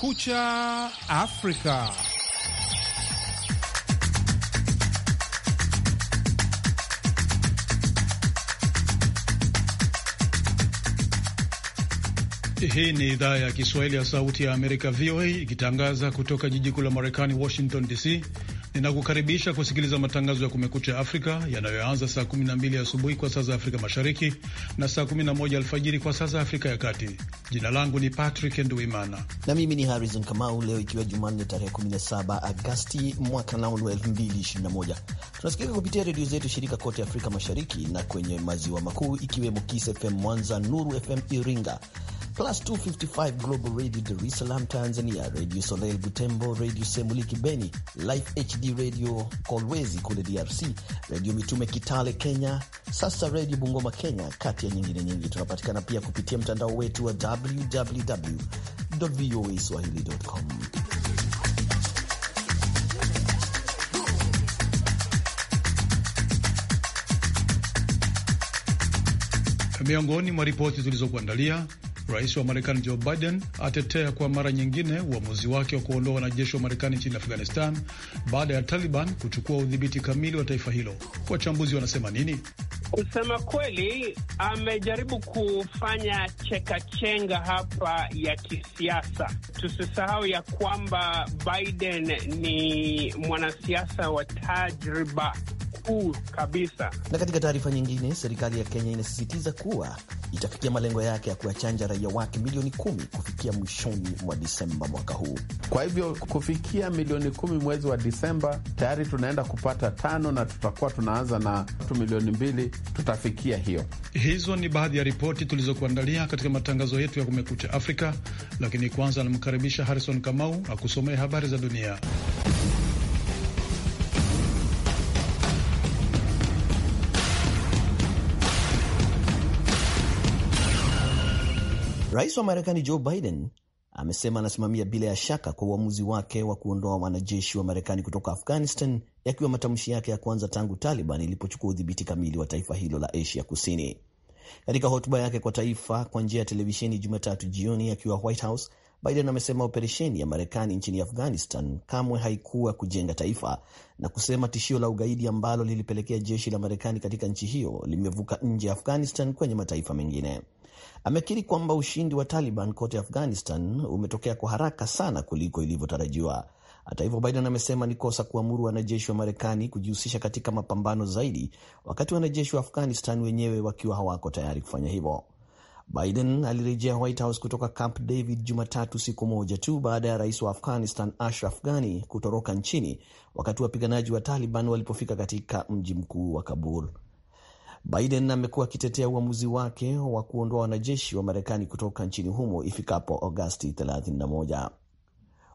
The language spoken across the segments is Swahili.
Kumekucha Afrika. Hii ni idhaa ya Kiswahili ya Sauti ya Amerika, VOA, ikitangaza kutoka jiji kuu la Marekani, Washington DC. Ninakukaribisha kusikiliza matangazo ya Kumekucha Afrika yanayoanza saa 12 asubuhi kwa saa za Afrika Mashariki na saa 11 alfajiri kwa saa za Afrika ya Kati. Jina langu ni Patrick Nduimana na mimi ni Harrison Kamau. Leo ikiwa Jumanne tarehe 17 Agasti mwaka nao wa 2021, tunasikika kupitia redio zetu shirika kote Afrika Mashariki na kwenye maziwa makuu ikiwemo Kis FM Mwanza, Nuru FM Iringa, plus 255 Global Radio Dar es Salaam Tanzania, Radio Soleil Butembo, Radio Semuliki Beni, Life HD Radio Kolwezi kule DRC, Radio Mitume Kitale Kenya, sasa Radio Bungoma Kenya, kati ya nyingine nyingi. Tunapatikana pia kupitia mtandao wetu wa www voa swahili.com. Miongoni mwa ripoti zilizokuandalia Rais wa Marekani Joe Biden atetea kwa mara nyingine uamuzi wake wa kuondoa wanajeshi wa Marekani nchini Afghanistan baada ya Taliban kuchukua udhibiti kamili wa taifa hilo. Wachambuzi wanasema nini? Kusema kweli, amejaribu kufanya chekachenga hapa ya kisiasa. Tusisahau ya kwamba Biden ni mwanasiasa wa tajriba nafuu kabisa. Na katika taarifa nyingine, serikali ya Kenya inasisitiza kuwa itafikia malengo yake ya kuwachanja raia wake milioni kumi kufikia mwishoni mwa Disemba mwaka huu. Kwa hivyo kufikia milioni kumi mwezi wa Disemba tayari tunaenda kupata tano, na tutakuwa tunaanza na watu milioni mbili, tutafikia hiyo. Hizo ni baadhi ya ripoti tulizokuandalia katika matangazo yetu ya Kumekucha Afrika, lakini kwanza anamkaribisha Harrison Kamau akusomee habari za dunia. Rais wa Marekani Joe Biden amesema anasimamia bila ya shaka kwa uamuzi wake wa kuondoa wanajeshi wa Marekani kutoka Afghanistan, yakiwa matamshi yake ya kwanza tangu Taliban ilipochukua udhibiti kamili wa taifa hilo la Asia Kusini. Katika hotuba yake kwa taifa kwa njia ya televisheni Jumatatu jioni akiwa White House, Biden amesema operesheni ya Marekani nchini Afghanistan kamwe haikuwa kujenga taifa na kusema tishio la ugaidi ambalo lilipelekea jeshi la Marekani katika nchi hiyo limevuka nje ya Afghanistan kwenye mataifa mengine amekiri kwamba ushindi wa Taliban kote Afghanistan umetokea kwa haraka sana kuliko ilivyotarajiwa. Hata hivyo, Biden amesema ni kosa kuamuru wanajeshi wa Marekani kujihusisha katika mapambano zaidi, wakati wanajeshi wa Afghanistan wenyewe wakiwa hawako tayari kufanya hivyo. Biden alirejea White House kutoka Camp David Jumatatu, siku moja tu baada ya rais wa Afghanistan Ashraf Ghani kutoroka nchini wakati wapiganaji wa Taliban walipofika katika mji mkuu wa Kabul. Biden amekuwa akitetea uamuzi wake wa kuondoa wanajeshi wa Marekani kutoka nchini humo ifikapo Agosti 31.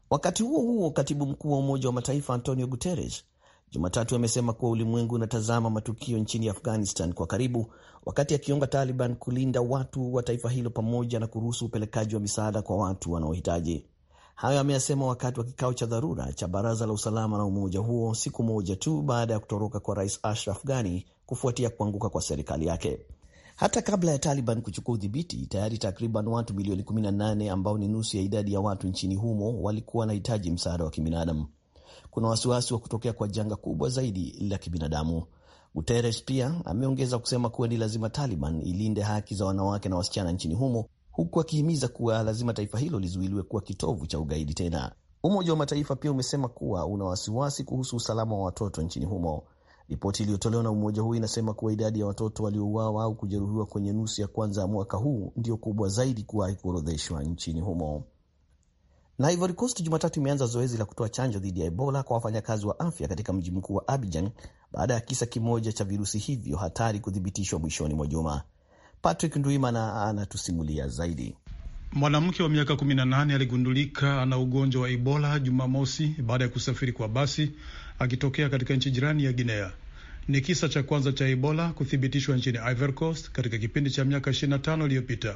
Wakati huo huo, katibu mkuu wa Umoja wa Mataifa Antonio Guterres Jumatatu amesema kuwa ulimwengu unatazama matukio nchini Afghanistan kwa karibu, wakati akionga Taliban kulinda watu wa taifa hilo pamoja na kuruhusu upelekaji wa misaada kwa watu wanaohitaji. Hayo ameyasema wakati wa kikao cha dharura cha baraza la usalama la umoja huo siku moja tu baada ya kutoroka kwa rais Ashraf Ghani kufuatia kuanguka kwa serikali yake. Hata kabla ya Taliban kuchukua udhibiti, tayari takriban watu milioni 18 ambao ni nusu ya idadi ya watu nchini humo walikuwa wanahitaji msaada wa kibinadamu. Kuna wasiwasi wa kutokea kwa janga kubwa zaidi la kibinadamu. Guterres pia ameongeza kusema kuwa ni lazima Taliban ilinde haki za wanawake na wasichana nchini humo huku akihimiza kuwa lazima taifa hilo lizuiliwe kuwa kitovu cha ugaidi tena. Umoja wa Mataifa pia umesema kuwa una wasiwasi kuhusu usalama wa watoto nchini humo. Ripoti iliyotolewa na umoja huo inasema kuwa idadi ya watoto waliouawa au kujeruhiwa kwenye nusu ya kwanza ya mwaka huu ndiyo kubwa zaidi kuwahi kuorodheshwa nchini humo. Na Ivory Coast Jumatatu imeanza zoezi la kutoa chanjo dhidi ya Ebola kwa wafanyakazi wa afya katika mji mkuu wa Abidjan baada ya kisa kimoja cha virusi hivyo hatari kuthibitishwa mwishoni mwa juma. Patrick Ndwimana anatusimulia zaidi. Mwanamke wa miaka 18 aligundulika ana ugonjwa wa Ebola Jumamosi baada ya kusafiri kwa basi akitokea katika nchi jirani ya Guinea. Ni kisa cha kwanza cha Ebola kuthibitishwa nchini Ivory Coast katika kipindi cha miaka 25 iliyopita.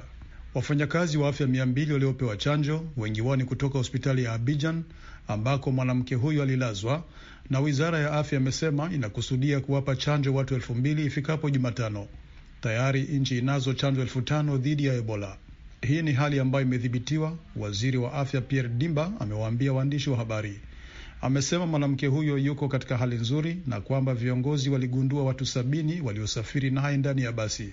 Wafanyakazi wa afya mia waliopewa chanjo, wengi wao ni kutoka hospitali ya Abidjan ambako mwanamke huyo alilazwa, na wizara ya afya imesema inakusudia kuwapa chanjo watu elfu mbili ifikapo Jumatano. Tayari nchi inazo chanjo elfu tano dhidi ya Ebola. Hii ni hali ambayo imedhibitiwa, waziri wa afya Pierre Dimba amewaambia waandishi wa habari. Amesema mwanamke huyo yuko katika hali nzuri na kwamba viongozi waligundua watu sabini waliosafiri naye ndani ya basi.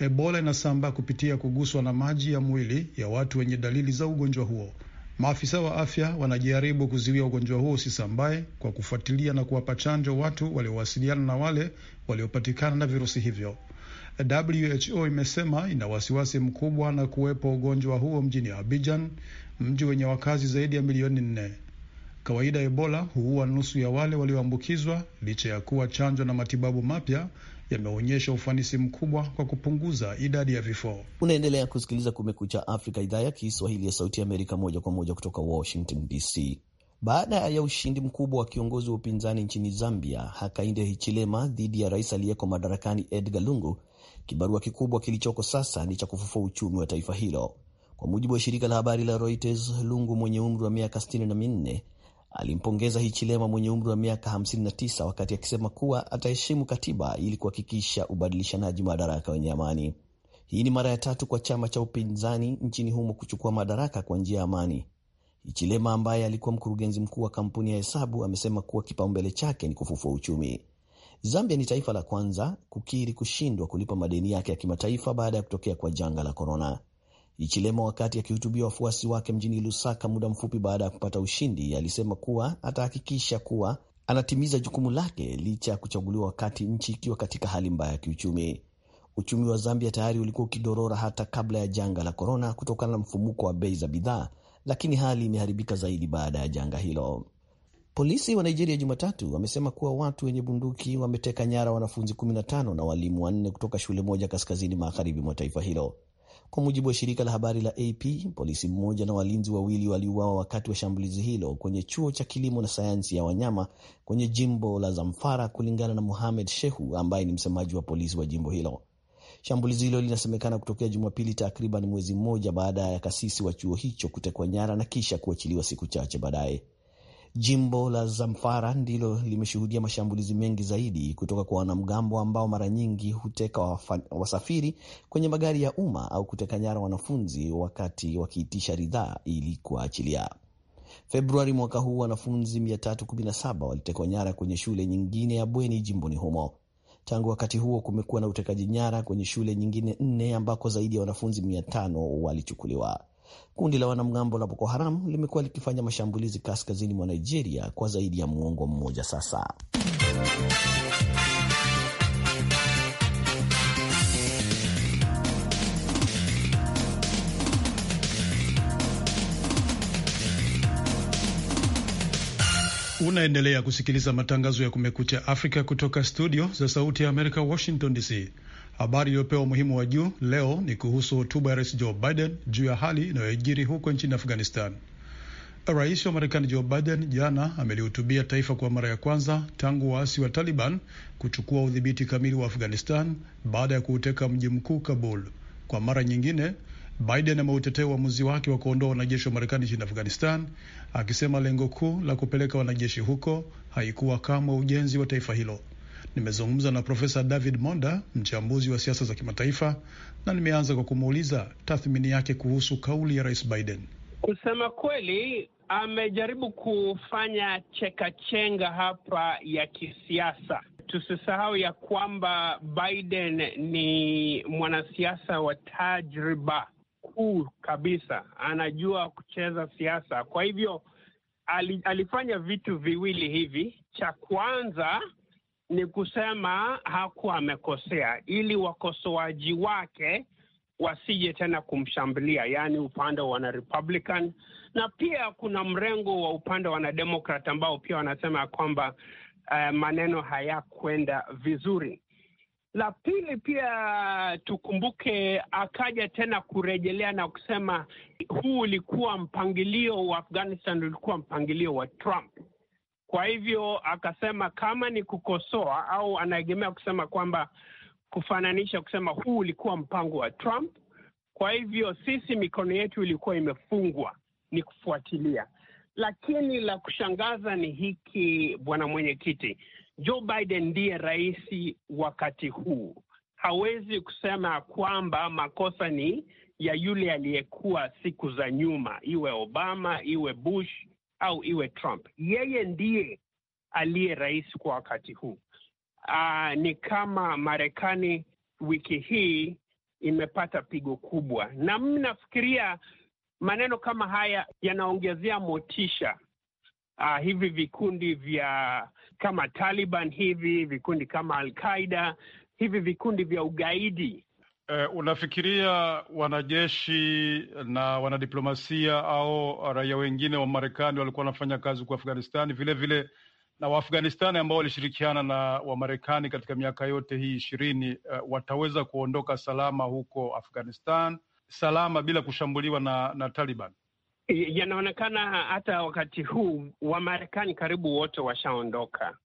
Ebola inasambaa kupitia kuguswa na maji ya mwili ya watu wenye dalili za ugonjwa huo. Maafisa wa afya wanajaribu kuzuia ugonjwa huo usisambae kwa kufuatilia na kuwapa chanjo watu waliowasiliana na wale waliopatikana na virusi hivyo. WHO imesema ina wasiwasi mkubwa na kuwepo ugonjwa huo mjini Abidjan, mji wenye wakazi zaidi ya milioni nne. Kawaida Ebola huua nusu ya wale walioambukizwa, licha ya kuwa chanjo na matibabu mapya yameonyesha ufanisi mkubwa kwa kupunguza idadi ya vifo. Unaendelea kusikiliza Kumekucha Afrika, idhaa ya Kiswahili ya Sauti ya Amerika, moja kwa moja kutoka Washington DC baada ya ushindi mkubwa wa kiongozi wa upinzani nchini Zambia Hakainde Hichilema dhidi ya rais aliyeko madarakani Edgar Lungu. Kibarua kikubwa kilichoko sasa ni cha kufufua uchumi wa taifa hilo. Kwa mujibu wa shirika la habari la Reuters, Lungu mwenye umri wa miaka 64 alimpongeza Hichilema mwenye umri wa miaka 59 wakati akisema kuwa ataheshimu katiba ili kuhakikisha ubadilishanaji madaraka wenye amani. Hii ni mara ya tatu kwa chama cha upinzani nchini humo kuchukua madaraka kwa njia ya amani Ichilema ambaye alikuwa mkurugenzi mkuu wa kampuni ya hesabu amesema kuwa kipaumbele chake ni kufufua uchumi. Zambia ni taifa la kwanza kukiri kushindwa kulipa madeni yake ya kimataifa baada ya kutokea kwa janga la korona. Ichilema, wakati akihutubia wafuasi wake mjini Lusaka muda mfupi baada ya kupata ushindi, alisema kuwa atahakikisha kuwa anatimiza jukumu lake licha ya kuchaguliwa wakati nchi ikiwa katika hali mbaya ya kiuchumi. Uchumi wa Zambia tayari ulikuwa ukidorora hata kabla ya janga la korona kutokana na mfumuko wa bei za bidhaa lakini hali imeharibika zaidi baada ya janga hilo. Polisi wa Nigeria Jumatatu wamesema kuwa watu wenye bunduki wameteka nyara wanafunzi 15 na walimu wanne kutoka shule moja kaskazini magharibi mwa taifa hilo. Kwa mujibu wa shirika la habari la AP, polisi mmoja na walinzi wawili waliuawa wakati wa shambulizi hilo kwenye chuo cha kilimo na sayansi ya wanyama kwenye jimbo la Zamfara, kulingana na muhamed Shehu ambaye ni msemaji wa polisi wa jimbo hilo. Shambulizi hilo linasemekana kutokea Jumapili, takriban mwezi mmoja baada ya kasisi wa chuo hicho kutekwa nyara na kisha kuachiliwa siku chache baadaye. Jimbo la Zamfara ndilo limeshuhudia mashambulizi mengi zaidi kutoka kwa wanamgambo ambao mara nyingi huteka wasafiri kwenye magari ya umma au kuteka nyara wanafunzi wakati wakiitisha ridhaa ili kuwaachilia. Februari mwaka huu wanafunzi 317 walitekwa nyara kwenye shule nyingine ya bweni jimboni humo. Tangu wakati huo kumekuwa na utekaji nyara kwenye shule nyingine nne ambako zaidi ya wanafunzi mia tano walichukuliwa. Kundi la wanamgambo la Boko Haram limekuwa likifanya mashambulizi kaskazini mwa Nigeria kwa zaidi ya muongo mmoja sasa. Unaendelea kusikiliza matangazo ya Kumekucha Afrika kutoka studio za Sauti ya Amerika, Washington DC. Habari iliyopewa umuhimu wa juu leo ni kuhusu hotuba ya Rais Joe Biden juu ya hali inayojiri huko nchini Afghanistan. Rais wa Marekani Joe Biden jana amelihutubia taifa kwa mara ya kwanza tangu waasi wa Taliban kuchukua udhibiti kamili wa Afghanistan baada ya kuuteka mji mkuu Kabul. Kwa mara nyingine, Biden ameutetea uamuzi wake wa kuondoa wanajeshi wa Marekani nchini Afghanistan, akisema lengo kuu la kupeleka wanajeshi huko haikuwa kamwe ujenzi wa taifa hilo. Nimezungumza na Profesa David Monda, mchambuzi wa siasa za kimataifa, na nimeanza kwa kumuuliza tathmini yake kuhusu kauli ya Rais Biden. Kusema kweli, amejaribu kufanya chekachenga hapa ya kisiasa. Tusisahau ya kwamba Biden ni mwanasiasa wa tajriba mkuu kabisa, anajua kucheza siasa. Kwa hivyo alifanya vitu viwili hivi. Cha kwanza ni kusema hakuwa amekosea, ili wakosoaji wake wasije tena kumshambulia, yaani upande wa wanarepublican, na pia kuna mrengo wa upande wa wanademokrat ambao pia wanasema ya kwamba uh, maneno hayakwenda vizuri. La pili pia tukumbuke, akaja tena kurejelea na kusema huu ulikuwa mpangilio wa Afghanistan, ulikuwa mpangilio wa Trump. Kwa hivyo akasema kama ni kukosoa au anaegemea kusema kwamba kufananisha kusema huu ulikuwa mpango wa Trump, kwa hivyo sisi mikono yetu ilikuwa imefungwa ni kufuatilia. Lakini la kushangaza ni hiki, bwana mwenyekiti, Joe Biden ndiye rais wakati huu. Hawezi kusema kwamba makosa ni ya yule aliyekuwa siku za nyuma, iwe Obama, iwe Bush au iwe Trump. Yeye ndiye aliye rais kwa wakati huu. Aa, ni kama Marekani wiki hii imepata pigo kubwa, na mimi nafikiria maneno kama haya yanaongezea motisha uh, hivi vikundi vya kama Taliban hivi vikundi kama Al-Qaida hivi vikundi vya ugaidi. Uh, unafikiria wanajeshi na wanadiplomasia au raia wengine wa Marekani walikuwa wanafanya kazi huko Afghanistani vile vile na Waafghanistani ambao walishirikiana na Wamarekani katika miaka yote hii ishirini uh, wataweza kuondoka salama huko Afghanistan salama bila kushambuliwa na, na Taliban? yanaonekana hata wakati huu Wamarekani karibu wote washaondoka.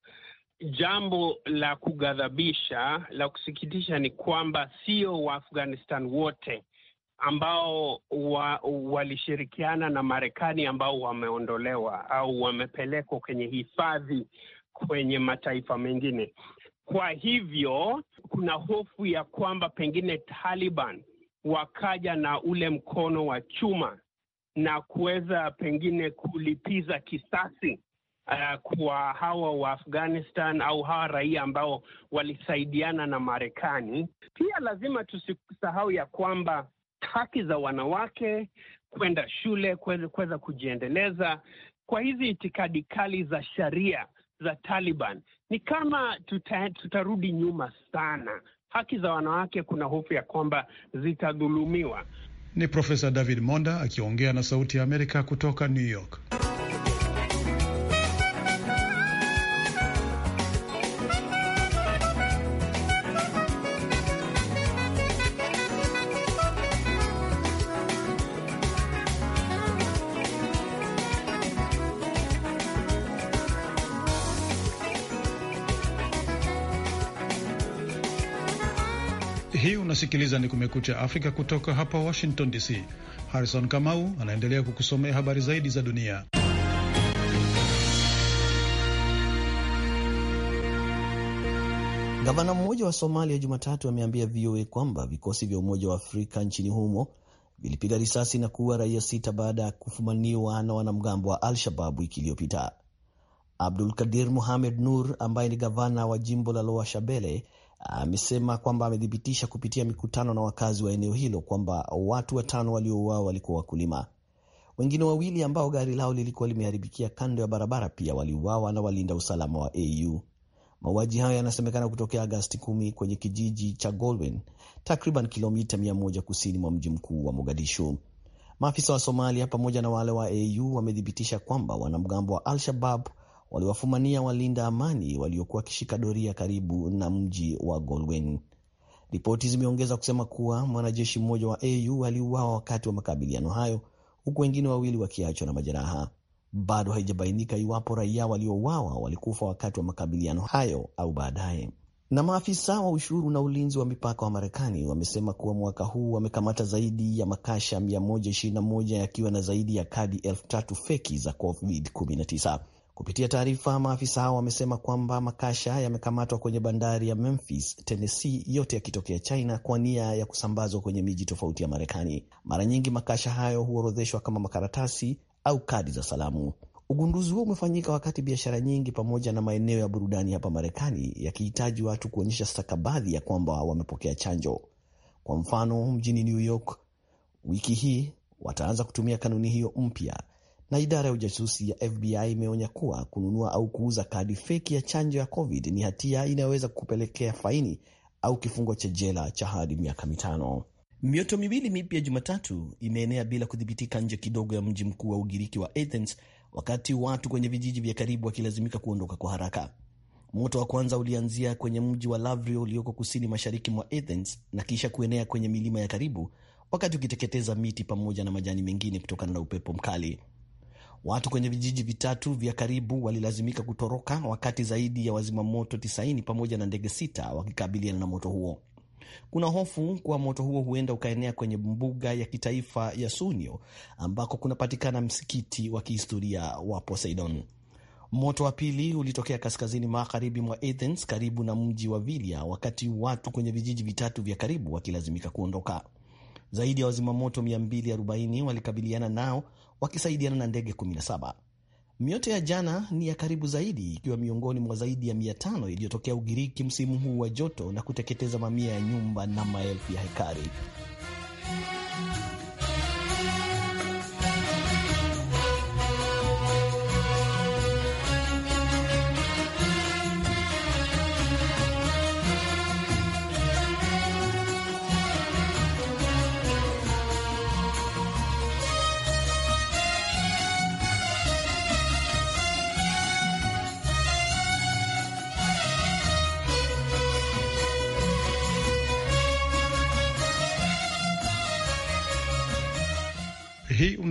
Jambo la kughadhabisha la kusikitisha ni kwamba sio Waafghanistan wote ambao wa, walishirikiana na Marekani ambao wameondolewa au wamepelekwa kwenye hifadhi kwenye mataifa mengine. Kwa hivyo kuna hofu ya kwamba pengine Taliban wakaja na ule mkono wa chuma na kuweza pengine kulipiza kisasi uh, kwa hawa wa Afghanistan au hawa raia ambao walisaidiana na Marekani. Pia lazima tusisahau ya kwamba haki za wanawake kwenda shule, kuweza kujiendeleza kwa hizi itikadi kali za sharia za Taliban ni kama tuta, tutarudi nyuma sana. Haki za wanawake, kuna hofu ya kwamba zitadhulumiwa. Ni Profesa David Monda akiongea na Sauti ya Amerika kutoka New York. Hii unasikiliza ni Kumekucha Afrika kutoka hapa Washington DC. Harrison Kamau anaendelea kukusomea habari zaidi za dunia. Gavana mmoja wa Somalia Jumatatu ameambia VOA kwamba vikosi vya Umoja wa Afrika nchini humo vilipiga risasi na kuua raia sita baada ya kufumaniwa na wanamgambo wa Al-Shabab wiki iliyopita. Abdul Kadir muhamed Nur ambaye ni gavana wa jimbo la Loa Shabele amesema kwamba amethibitisha kupitia mikutano na wakazi wa eneo hilo kwamba watu watano waliouawa walikuwa wakulima. Wengine wawili ambao gari lao lilikuwa limeharibikia kando ya barabara pia waliuawa na walinda usalama wa AU. Mauaji hayo yanasemekana kutokea Agasti 1 kwenye kijiji cha Golwen, takriban kilomita 100 kusini mwa mji mkuu wa Mogadishu. Maafisa wa Somalia pamoja na wale wa AU wamethibitisha kwamba wanamgambo wa Al-Shabab waliwafumania walinda amani waliokuwa wakishika doria karibu na mji wa Golwen. Ripoti zimeongeza kusema kuwa mwanajeshi mmoja wa AU aliuawa wakati wa makabiliano hayo, huku wengine wawili wakiachwa na majeraha. Bado haijabainika iwapo raia waliouawa walikufa wakati wa makabiliano hayo au baadaye. Na maafisa wa ushuru na ulinzi wa mipaka wa Marekani wamesema kuwa mwaka huu wamekamata zaidi ya makasha 121 yakiwa na zaidi ya kadi elfu tatu feki za COVID-19. Kupitia taarifa, maafisa hao wamesema kwamba makasha yamekamatwa kwenye bandari ya Memphis, Tennessee, yote yakitokea China kwa nia ya kusambazwa kwenye miji tofauti ya Marekani. Mara nyingi makasha hayo huorodheshwa kama makaratasi au kadi za salamu. Ugunduzi huo umefanyika wakati biashara nyingi pamoja na maeneo ya burudani hapa Marekani yakihitaji watu kuonyesha stakabadhi ya kwamba wamepokea chanjo. Kwa mfano, mjini New York wiki hii wataanza kutumia kanuni hiyo mpya na idara ya ujasusi ya FBI imeonya kuwa kununua au kuuza kadi feki ya chanjo ya COVID ni hatia inayoweza kupelekea faini au kifungo cha jela cha hadi miaka mitano. Mioto miwili mipya Jumatatu imeenea bila kudhibitika nje kidogo ya mji mkuu wa Ugiriki wa Athens, wakati watu kwenye vijiji vya karibu wakilazimika kuondoka kwa haraka. Moto wa kwanza ulianzia kwenye mji wa Lavrio ulioko kusini mashariki mwa Athens na kisha kuenea kwenye milima ya karibu, wakati ukiteketeza miti pamoja na majani mengine kutokana na upepo mkali. Watu kwenye vijiji vitatu vya karibu walilazimika kutoroka wakati zaidi ya wazimamoto 90 pamoja na ndege sita wakikabiliana na moto huo. Kuna hofu kuwa moto huo huenda ukaenea kwenye mbuga ya kitaifa ya Sunio ambako kunapatikana msikiti wa kihistoria wa Poseidon. Moto wa pili ulitokea kaskazini magharibi mwa Athens karibu na mji wa Vilia, wakati watu kwenye vijiji vitatu vya karibu wakilazimika kuondoka. Zaidi ya wazimamoto 240 walikabiliana nao wakisaidiana na ndege 17. Mioto ya jana ni ya karibu zaidi, ikiwa miongoni mwa zaidi ya 500 iliyotokea Ugiriki msimu huu wa joto na kuteketeza mamia ya nyumba na maelfu ya hekari.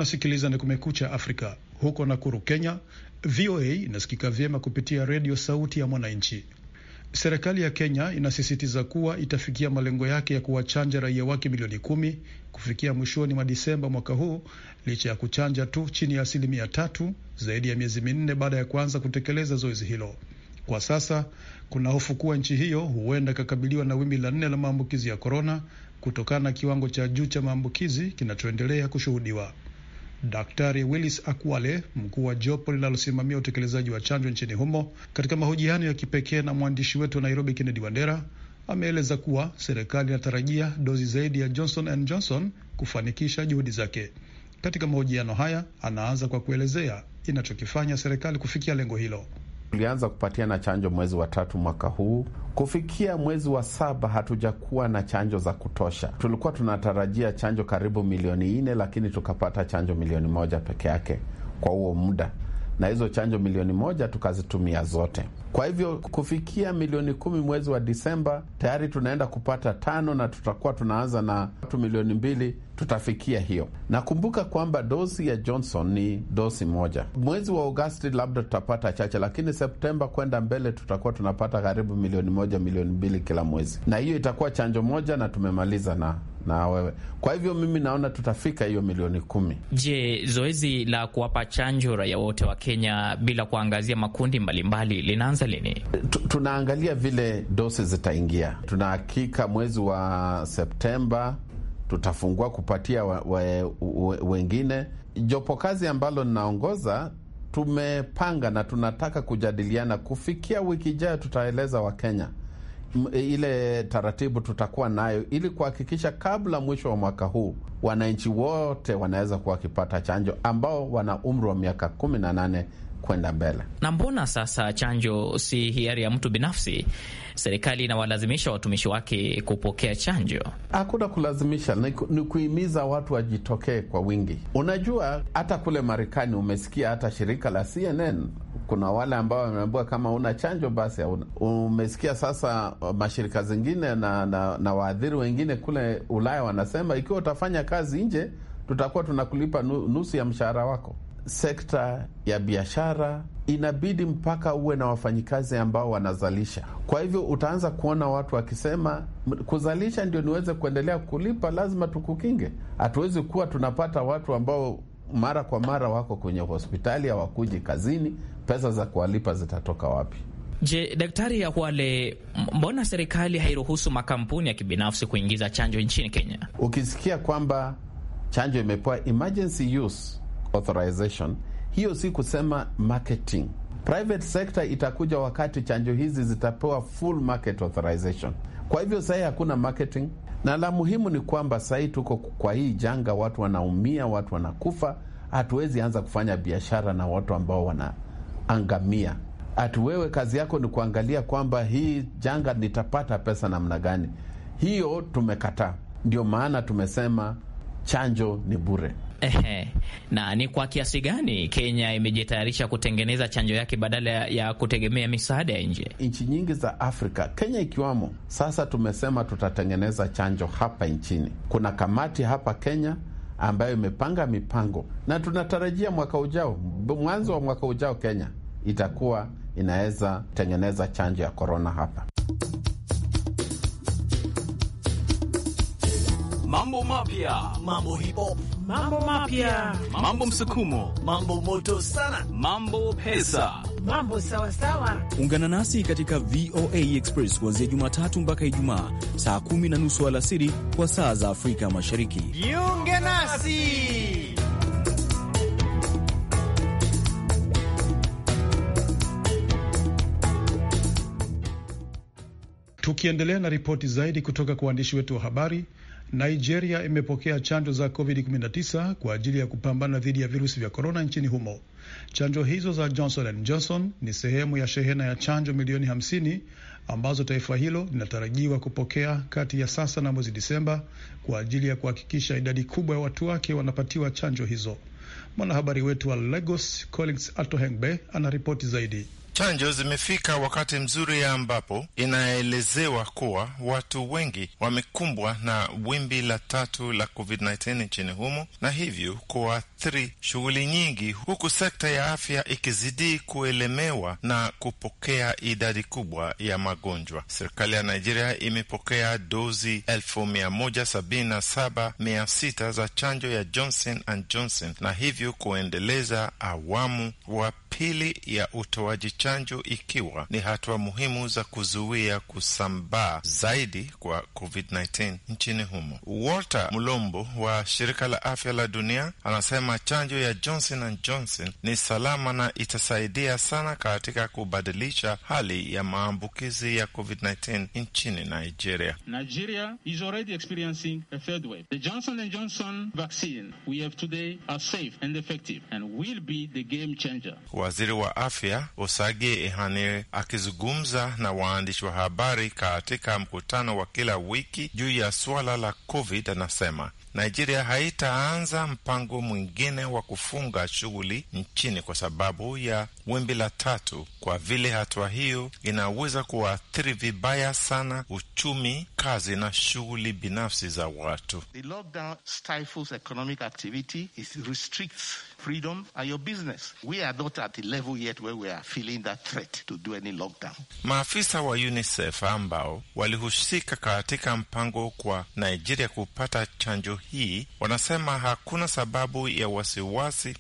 Unasikiliza ni Kumekucha Afrika. Huko Nakuru, Kenya, VOA inasikika vyema kupitia redio Sauti ya Mwananchi. Serikali ya Kenya inasisitiza kuwa itafikia malengo yake ya kuwachanja raia wake milioni kumi kufikia mwishoni mwa Disemba mwaka huu, licha ya kuchanja tu chini ya asilimia tatu, zaidi ya miezi minne baada ya kuanza kutekeleza zoezi hilo. Kwa sasa kuna hofu kuwa nchi hiyo huenda ikakabiliwa na wimbi la nne la maambukizi ya korona kutokana na kiwango cha juu cha maambukizi kinachoendelea kushuhudiwa. Daktari Willis Akwale, mkuu wa jopo linalosimamia utekelezaji wa chanjo nchini humo, katika mahojiano ya kipekee na mwandishi wetu wa Nairobi, Kennedy Wandera, ameeleza kuwa serikali inatarajia dozi zaidi ya Johnson and Johnson kufanikisha juhudi zake. Katika mahojiano haya, anaanza kwa kuelezea inachokifanya serikali kufikia lengo hilo tulianza kupatiana chanjo mwezi wa tatu mwaka huu. Kufikia mwezi wa saba hatujakuwa na chanjo za kutosha. Tulikuwa tunatarajia chanjo karibu milioni nne, lakini tukapata chanjo milioni moja peke yake kwa huo muda, na hizo chanjo milioni moja tukazitumia zote. Kwa hivyo kufikia milioni kumi mwezi wa Disemba tayari tunaenda kupata tano, na tutakuwa tunaanza na watu milioni mbili tutafikia hiyo. Nakumbuka kwamba dozi ya Johnson ni dozi moja. Mwezi wa Agosti labda tutapata chache, lakini Septemba kwenda mbele tutakuwa tunapata karibu milioni moja milioni mbili kila mwezi, na hiyo itakuwa chanjo moja na tumemaliza na na wewe. Kwa hivyo mimi naona tutafika hiyo milioni kumi. Je, zoezi la kuwapa chanjo raia wote wa Kenya bila kuangazia makundi mbalimbali linaanza lini? T tunaangalia vile dosi zitaingia. Tunahakika mwezi wa Septemba tutafungua kupatia wa, wa, we, wengine. Jopo kazi ambalo ninaongoza tumepanga na tunataka kujadiliana. Kufikia wiki ijayo, tutaeleza Wakenya E, ile taratibu tutakuwa nayo ili kuhakikisha kabla mwisho wa mwaka huu wananchi wote wanaweza kuwa wakipata chanjo ambao wana umri wa miaka kumi na nane kwenda mbele. Na mbona sasa chanjo si hiari ya mtu binafsi? Serikali inawalazimisha watumishi wake kupokea chanjo? Hakuna kulazimisha, ni kuhimiza watu wajitokee kwa wingi. Unajua, hata kule Marekani umesikia hata shirika la CNN kuna wale ambao wameambiwa kama una chanjo basi hauna. Umesikia sasa mashirika zingine na, na, na waadhiri wengine kule Ulaya wanasema ikiwa utafanya kazi nje tutakuwa tunakulipa nusu ya mshahara wako. Sekta ya biashara inabidi mpaka uwe na wafanyikazi ambao wanazalisha. Kwa hivyo utaanza kuona watu wakisema kuzalisha ndio niweze kuendelea kulipa, lazima tukukinge. Hatuwezi kuwa tunapata watu ambao mara kwa mara wako kwenye hospitali, hawakuji kazini, pesa za kuwalipa zitatoka wapi? Je, daktari ya wale, mbona serikali hairuhusu makampuni ya kibinafsi kuingiza chanjo nchini Kenya? Ukisikia kwamba chanjo imepewa emergency use authorization, hiyo si kusema marketing. Private sector itakuja wakati chanjo hizi zitapewa full market authorization. Kwa hivyo sahii hakuna marketing, na la muhimu ni kwamba sahii tuko kwa hii janga, watu wanaumia, watu wanakufa. Hatuwezi anza kufanya biashara na watu ambao wanaangamia. Ati wewe kazi yako ni kuangalia kwamba hii janga nitapata pesa namna gani? Hiyo tumekataa. Ndio maana tumesema chanjo ni bure. Ehe. Na ni kwa kiasi gani Kenya imejitayarisha kutengeneza chanjo yake badala ya kutegemea misaada ya nje? Nchi nyingi za Afrika, Kenya ikiwamo, sasa tumesema tutatengeneza chanjo hapa nchini. Kuna kamati hapa Kenya ambayo imepanga mipango na tunatarajia mwaka ujao, mwanzo wa mwaka ujao, Kenya itakuwa inaweza tengeneza chanjo ya korona hapa. Mambo mapya, mambo hipo mambo mapya, mambo msukumo, mambo moto sana, mambo pesa, mambo sawa sawa. Ungana nasi katika VOA Express kuanzia Jumatatu mpaka Ijumaa saa kumi na nusu alasiri kwa saa za Afrika Mashariki. Jiunge nasi. Tukiendelea na ripoti zaidi kutoka kwa waandishi wetu wa habari. Nigeria imepokea chanjo za COVID-19 kwa ajili ya kupambana dhidi ya virusi vya korona nchini humo. Chanjo hizo za Johnson and Johnson ni sehemu ya shehena ya chanjo milioni 50 ambazo taifa hilo linatarajiwa kupokea kati ya sasa na mwezi Disemba kwa ajili ya kuhakikisha idadi kubwa ya watu wake wanapatiwa chanjo hizo. Mwanahabari wetu wa Lagos Collins Atohengbe anaripoti zaidi. Chanjo zimefika wakati mzuri ambapo inaelezewa kuwa watu wengi wamekumbwa na wimbi la tatu la COVID-19 nchini humo na hivyo kuathiri shughuli nyingi, huku sekta ya afya ikizidi kuelemewa na kupokea idadi kubwa ya magonjwa. Serikali ya Nigeria imepokea dozi elfu za chanjo ya Johnson and Johnson na hivyo kuendeleza awamu wa pili ya utoaji chanjo ikiwa ni hatua muhimu za kuzuia kusambaa zaidi kwa COVID-19 nchini humo. Walter Mulombo wa shirika la afya la dunia anasema chanjo ya Johnson and Johnson ni salama na itasaidia sana katika kubadilisha hali ya maambukizi ya COVID-19 nchini Nigeria. Nigeria is already experiencing a third wave. The Johnson and Johnson vaccine we have today are safe and effective and will be the game changer. Waziri wa afya Age Ehane akizungumza na waandishi wa habari katika mkutano wa kila wiki juu ya swala la COVID anasema Nigeria haitaanza mpango mwingine wa kufunga shughuli nchini kwa sababu ya wimbi la tatu, kwa vile hatua hiyo inaweza kuathiri vibaya sana uchumi, kazi na shughuli binafsi za watu. The lockdown stifles economic activity, it restricts freedom and your business. We are not at the level yet where we are feeling that threat to do any lockdown. Maafisa wa UNICEF ambao walihusika katika mpango kwa Nigeria kupata chanjo hii wanasema hakuna sababu ya wasiwasi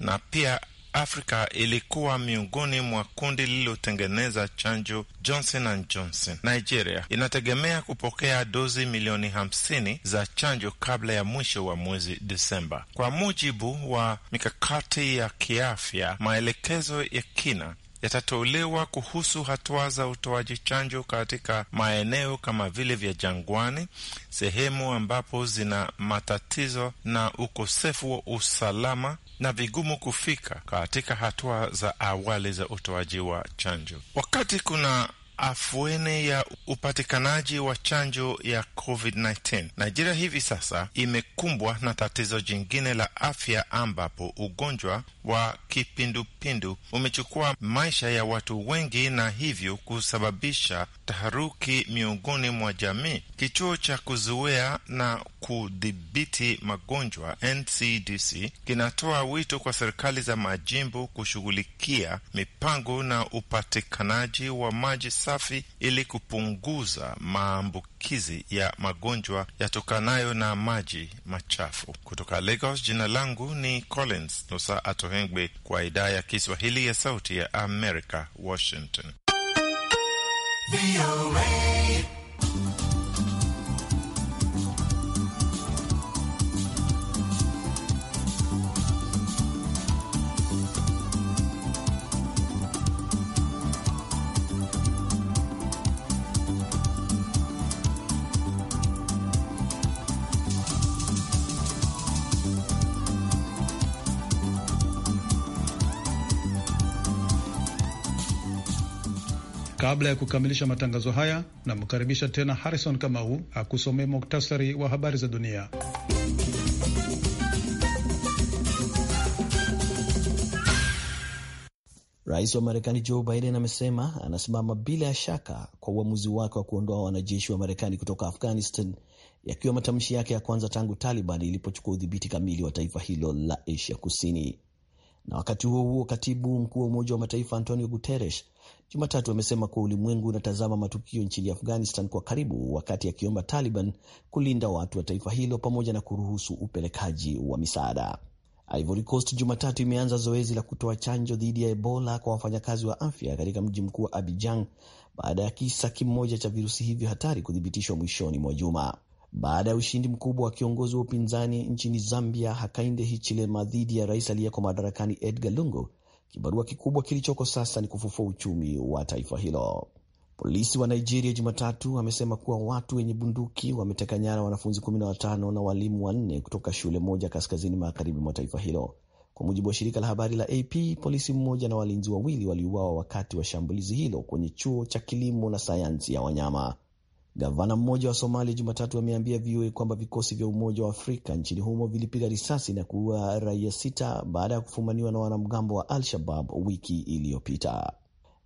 na pia Afrika ilikuwa miongoni mwa kundi lililotengeneza chanjo Johnson and Johnson. Nigeria inategemea kupokea dozi milioni 50 za chanjo kabla ya mwisho wa mwezi Desemba, kwa mujibu wa mikakati ya kiafya, maelekezo ya kina yatatolewa kuhusu hatua za utoaji chanjo katika maeneo kama vile vya jangwani, sehemu ambapo zina matatizo na ukosefu wa usalama na vigumu kufika katika hatua za awali za utoaji wa chanjo. Wakati kuna afueni ya upatikanaji wa chanjo ya COVID-19, Nigeria hivi sasa imekumbwa na tatizo jingine la afya ambapo ugonjwa wa kipindupindu umechukua maisha ya watu wengi na hivyo kusababisha taharuki miongoni mwa jamii. Kituo cha kuzuia na kudhibiti magonjwa NCDC kinatoa wito kwa serikali za majimbo kushughulikia mipango na upatikanaji wa maji safi ili kupunguza maambukizi ya magonjwa yatokanayo na maji machafu. Kutoka Lagos, jina langu ni Collins Nosa Ato. Mengwe kwa idhaa ya Kiswahili ya Sauti ya Amerika, Washington. Kabla ya kukamilisha matangazo haya, namkaribisha tena Harrison Kamau akusomea muktasari wa habari za dunia. Rais wa Marekani Joe Biden amesema anasimama bila ya shaka kwa uamuzi wake wa kuondoa wanajeshi wa Marekani kutoka Afghanistan, yakiwa matamshi yake ya kwanza tangu Taliban ilipochukua udhibiti kamili wa taifa hilo la Asia Kusini. Na wakati huo huo, katibu mkuu wa Umoja wa Mataifa Antonio Guterres Jumatatu amesema kuwa ulimwengu unatazama matukio nchini Afghanistan kwa karibu, wakati akiomba Taliban kulinda watu wa taifa hilo pamoja na kuruhusu upelekaji wa misaada. Ivory Coast Jumatatu imeanza zoezi la kutoa chanjo dhidi ya Ebola kwa wafanyakazi wa afya katika mji mkuu wa Abidjan baada ya kisa kimoja cha virusi hivyo hatari kuthibitishwa mwishoni mwa juma baada ya ushindi mkubwa wa kiongozi wa upinzani nchini Zambia Hakainde Hichilema dhidi ya rais aliyeko madarakani Edgar Lungu. Kibarua kikubwa kilichoko sasa ni kufufua uchumi wa taifa hilo. Polisi wa Nigeria Jumatatu wamesema kuwa watu wenye bunduki wameteka nyara wanafunzi 15 na walimu wanne kutoka shule moja kaskazini magharibi mwa taifa hilo. Kwa mujibu wa shirika la habari la AP, polisi mmoja na walinzi wawili waliuawa wakati wa shambulizi hilo kwenye chuo cha kilimo na sayansi ya wanyama. Gavana mmoja wa Somalia Jumatatu ameambia VOA kwamba vikosi vya Umoja wa Afrika nchini humo vilipiga risasi na kuua raia sita baada ya kufumaniwa na wanamgambo wa Al-Shabab wiki iliyopita.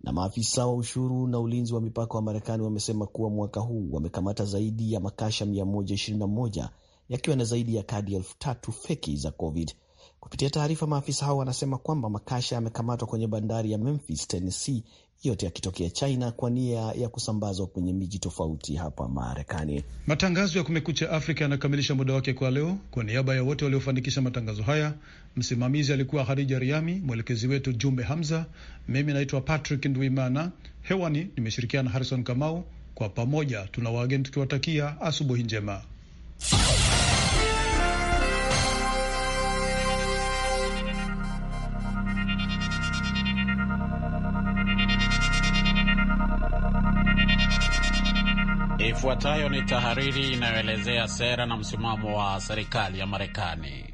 Na maafisa wa ushuru na ulinzi wa mipaka wa Marekani wamesema kuwa mwaka huu wamekamata zaidi ya makasha 121 yakiwa na zaidi ya kadi elfu tatu feki za COVID. Kupitia taarifa, maafisa hao wanasema kwamba makasha yamekamatwa kwenye bandari ya Memphis, Tennessee, yote yakitokea China kwa nia ya kusambazwa kwenye miji tofauti hapa Marekani. Matangazo ya Kumekucha Afrika yanakamilisha muda wake kwa leo. Kwa niaba ya wote waliofanikisha matangazo haya, msimamizi alikuwa Hadija Riami, mwelekezi wetu Jumbe Hamza. Mimi naitwa Patrick Ndwimana, hewani nimeshirikiana Harrison Kamau. Kwa pamoja tuna wageni tukiwatakia asubuhi njema. Ifuatayo ni tahariri inayoelezea sera na msimamo wa serikali ya Marekani.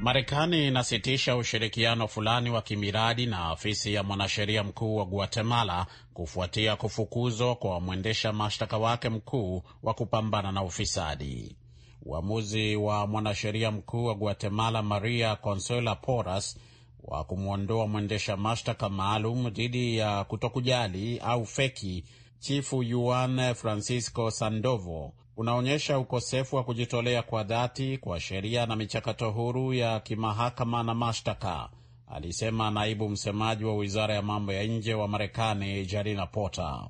Marekani inasitisha ushirikiano fulani wa kimiradi na afisi ya mwanasheria mkuu wa Guatemala kufuatia kufukuzwa kwa mwendesha mashtaka wake mkuu wa kupambana na ufisadi. Uamuzi wa mwanasheria mkuu wa Guatemala Maria Consuela Porras wa kumwondoa mwendesha mashtaka maalum dhidi ya kutokujali au feki Chifu Yuan Francisco Sandovo unaonyesha ukosefu wa kujitolea kwa dhati kwa sheria na michakato huru ya kimahakama na mashtaka, alisema naibu msemaji wa wizara ya mambo ya nje wa Marekani Jarina Porter.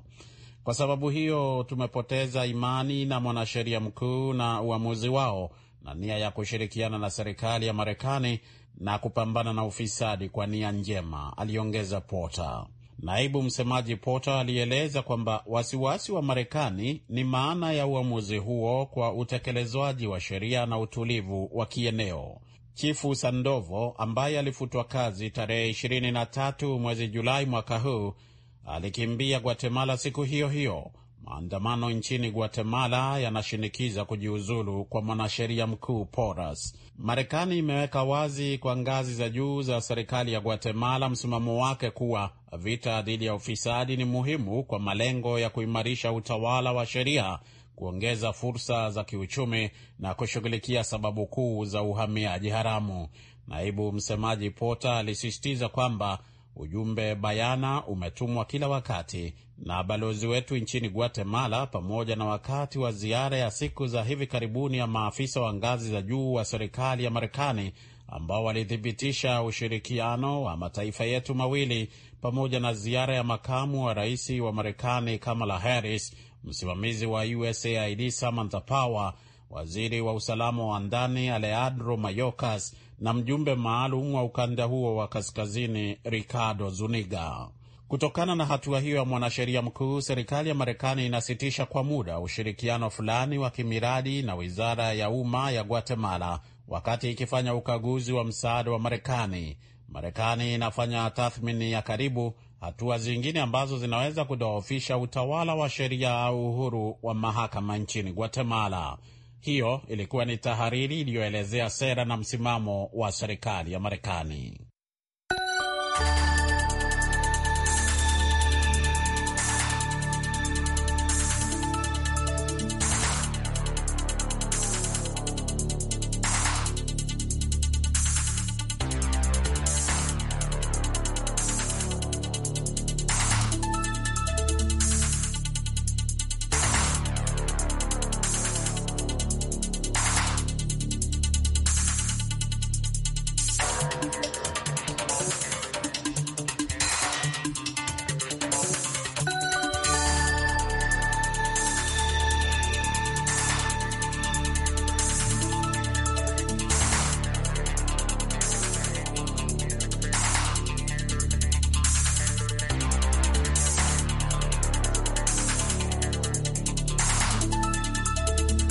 Kwa sababu hiyo tumepoteza imani na mwanasheria mkuu na uamuzi wao na nia ya kushirikiana na serikali ya Marekani na kupambana na ufisadi kwa nia njema, aliongeza Porter. Naibu msemaji Porter alieleza kwamba wasiwasi wa Marekani ni maana ya uamuzi huo kwa utekelezwaji wa sheria na utulivu wa kieneo. Chifu Sandovo ambaye alifutwa kazi tarehe 23 mwezi Julai mwaka huu alikimbia Guatemala siku hiyo hiyo Maandamano nchini Guatemala yanashinikiza kujiuzulu kwa mwanasheria mkuu Porras. Marekani imeweka wazi kwa ngazi za juu za serikali ya Guatemala msimamo wake kuwa vita dhidi ya ufisadi ni muhimu kwa malengo ya kuimarisha utawala wa sheria, kuongeza fursa za kiuchumi na kushughulikia sababu kuu za uhamiaji haramu. Naibu msemaji pota alisisitiza kwamba Ujumbe bayana umetumwa kila wakati na balozi wetu nchini Guatemala, pamoja na wakati wa ziara ya siku za hivi karibuni ya maafisa wa ngazi za juu wa serikali ya Marekani ambao walithibitisha ushirikiano wa mataifa yetu mawili, pamoja na ziara ya makamu wa rais wa Marekani Kamala Harris, msimamizi wa USAID Samantha Power, waziri wa usalama wa ndani Alejandro Mayorkas na mjumbe maalum wa ukanda huo wa kaskazini Ricardo Zuniga. Kutokana na hatua hiyo ya mwanasheria mkuu, serikali ya Marekani inasitisha kwa muda ushirikiano fulani wa kimiradi na wizara ya umma ya Guatemala wakati ikifanya ukaguzi wa msaada wa Marekani. Marekani inafanya tathmini ya karibu hatua zingine ambazo zinaweza kudhoofisha utawala wa sheria au uhuru wa mahakama nchini Guatemala. Hiyo ilikuwa ni tahariri iliyoelezea sera na msimamo wa serikali ya Marekani.